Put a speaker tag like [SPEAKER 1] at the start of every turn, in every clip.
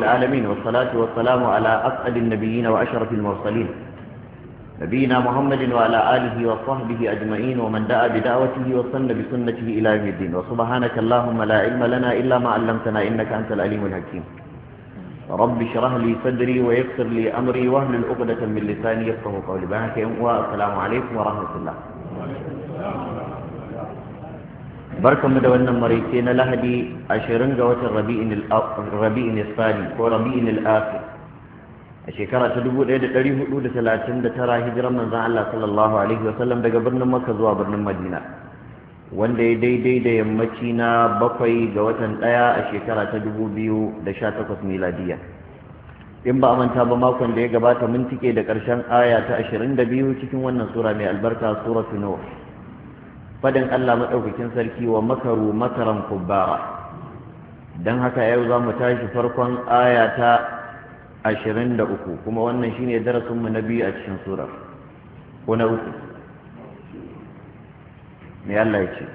[SPEAKER 1] العالمين والصلاة والسلام على أسعد النبيين وأشرف المرسلين نبينا محمد وعلى آله وصحبه أجمعين ومن دعا بدعوته وصن بسنته إلى يوم الدين وسبحانك اللهم لا علم لنا إلا ما علمتنا إنك أنت العليم الحكيم رب اشرح لي صدري ويسر لي أمري واهلل عقدة من لساني يفقه قولي بارك السلام عليكم ورحمة الله
[SPEAKER 2] وعليكم السلام
[SPEAKER 1] barkamu da wannan maraice na lahadi 20 ga watan rabi'in isfani ko rabi'in al'afir a shekara ta 1439 hijiran manzan Allah sallallahu alaihi wasallam daga birnin makka zuwa birnin madina wanda ya daidai da yammaci na bakwai ga watan ɗaya a shekara ta 2018 miladiya in ba manta ba makon da ya gabata mintike da ƙarshen aya ta 22 cikin wannan sura mai albarka suratu nuh fadin Allah maɗaukakin sarki wa makaru makaran kubbara don haka yau za mu tashi farkon aya ta ashirin da uku kuma wannan shine darasinmu na biyu a cikin surar ko na uku mai Allah ya ce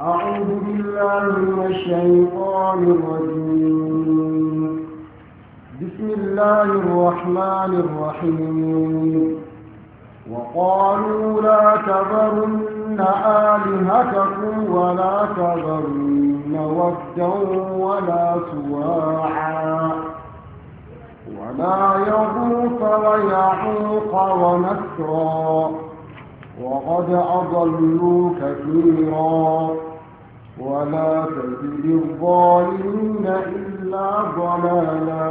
[SPEAKER 2] أعوذ بالله من الشيطان الرجيم بسم الله الرحمن الرحيم وقالوا لا تذرن تذرن آلهتكم ولا تذرن ودا ولا سواعا ولا يغوث ويعوق ونسرا وقد أضلوا كثيرا ولا تزد الظالمين إلا ضلالا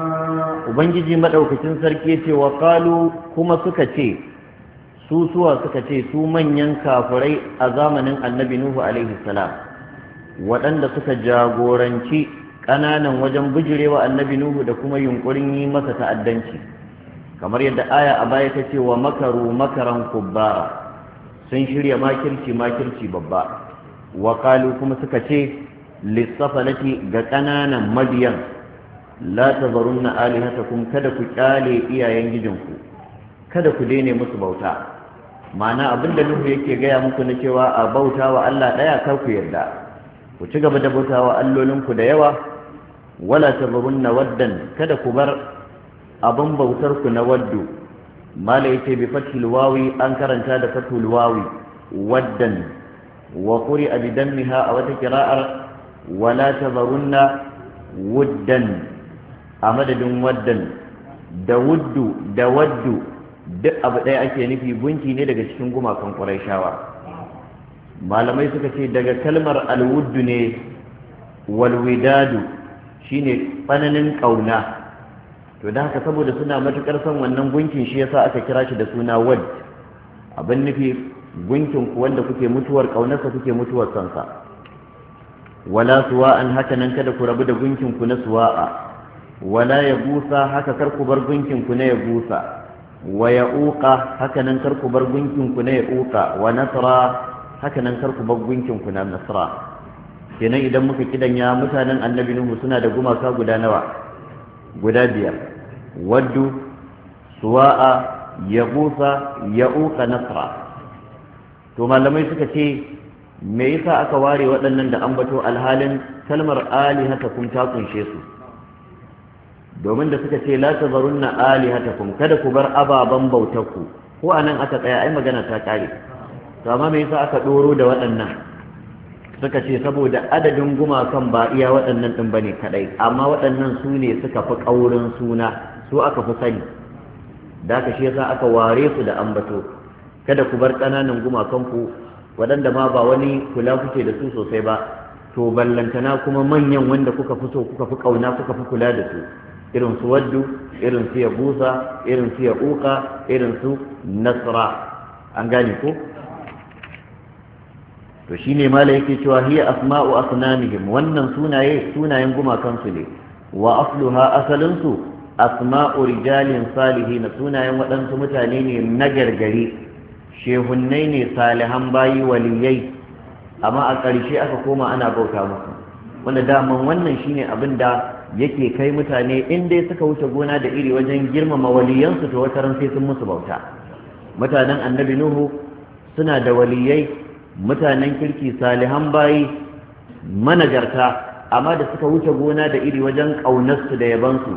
[SPEAKER 1] وبنجي مدعوكتين سركيتي وقالوا كما سكتي su suka ce su manyan kafirai a zamanin annabi nuhu alaihi salam waɗanda suka jagoranci ƙananan wajen bijirewa annabi nuhu da kuma yunkurin yi masa ta'addanci kamar yadda aya a baya ta ce wa makaru makaran kubbara sun shirya makirci makirci babba wa kuma suka ce lissafalati ga ƙananan mabiyan la zarunna alihatakum kada ku kyale iyayen gijinku kada ku daina musu bauta ma'ana abinda nuhu yake gaya muku na cewa a bauta wa Allah ɗaya kar ku yarda ku ci gaba da bauta wa allolinku da yawa wala na waddan kada ku bar abin bautar ku na waddu mala yake bi fathil wawi an karanta da fathul wawi waddan wa quri abi dammiha a wata qira'ar wala tabarunna waddan a madadin waddan da wuddu da waddu duk abu ɗaya ake nufi gunki ne daga cikin gumakan ƙurayshawa malamai suka ce daga kalmar alwuddu ne walwidadu shine tsananin ƙauna to da haka saboda suna matuƙar son wannan gunkin shi yasa aka kira shi da suna wad abin nufi gunkin ku wanda kuke mutuwar ƙaunarsa kuke mutuwar sansa wala suwa an haka nan kada ku rabu da gunkin na suwa'a wala ya busa haka kar ku bar gunkin na ya busa wa ya uka hakanan kar ku bar gunkinku na ya uka wa nasara hakanan kar ku bar gunkinku na nasara. kenan idan muka kidanya mutanen annabi nuhu suna da gumaka guda nawa guda biyar waddu suwa'a ya uka nasara. to malamai suka ce me yasa aka ware waɗannan da ambato alhalin kalmar alihata kun ta kunshe su domin da suka ce la tazarunna alihatakum kada ku bar ababan bautarku ko anan aka tsaya ai magana ta kare to amma me yasa aka doro da waɗannan suka ce saboda adadin gumakan ba iya waɗannan din bane kadai amma waɗannan su ne suka fi kaurin suna su aka fi sani da ka shi yasa aka ware su da ambato kada ku bar ƙananan gumakan ku waɗanda ma ba wani kula kuke da su sosai ba to ballantana kuma manyan wanda kuka fi so kuka fi kauna kuka fi kula da su irin su waddu irin su ya busa irin su ya uka irin su nasra an gane ko to shine mala yake cewa hiya asma'u asnamihim wannan sunaye sunayen gumakan su ne wa asluha asalin asma'u rijalin na sunayen waɗansu mutane ne na gargari shehunnai ne salihan bayi waliyai amma a ƙarshe aka koma ana bauta musu wanda daman wannan shine abin da yake kai mutane in dai suka wuce gona da iri wajen girmama waliyansu to wata ran sai sun musu bauta mutanen annabi nuhu suna da waliyai mutanen kirki salihan bayi manajarta amma da suka wuce gona da iri wajen ƙaunarsu da yabansu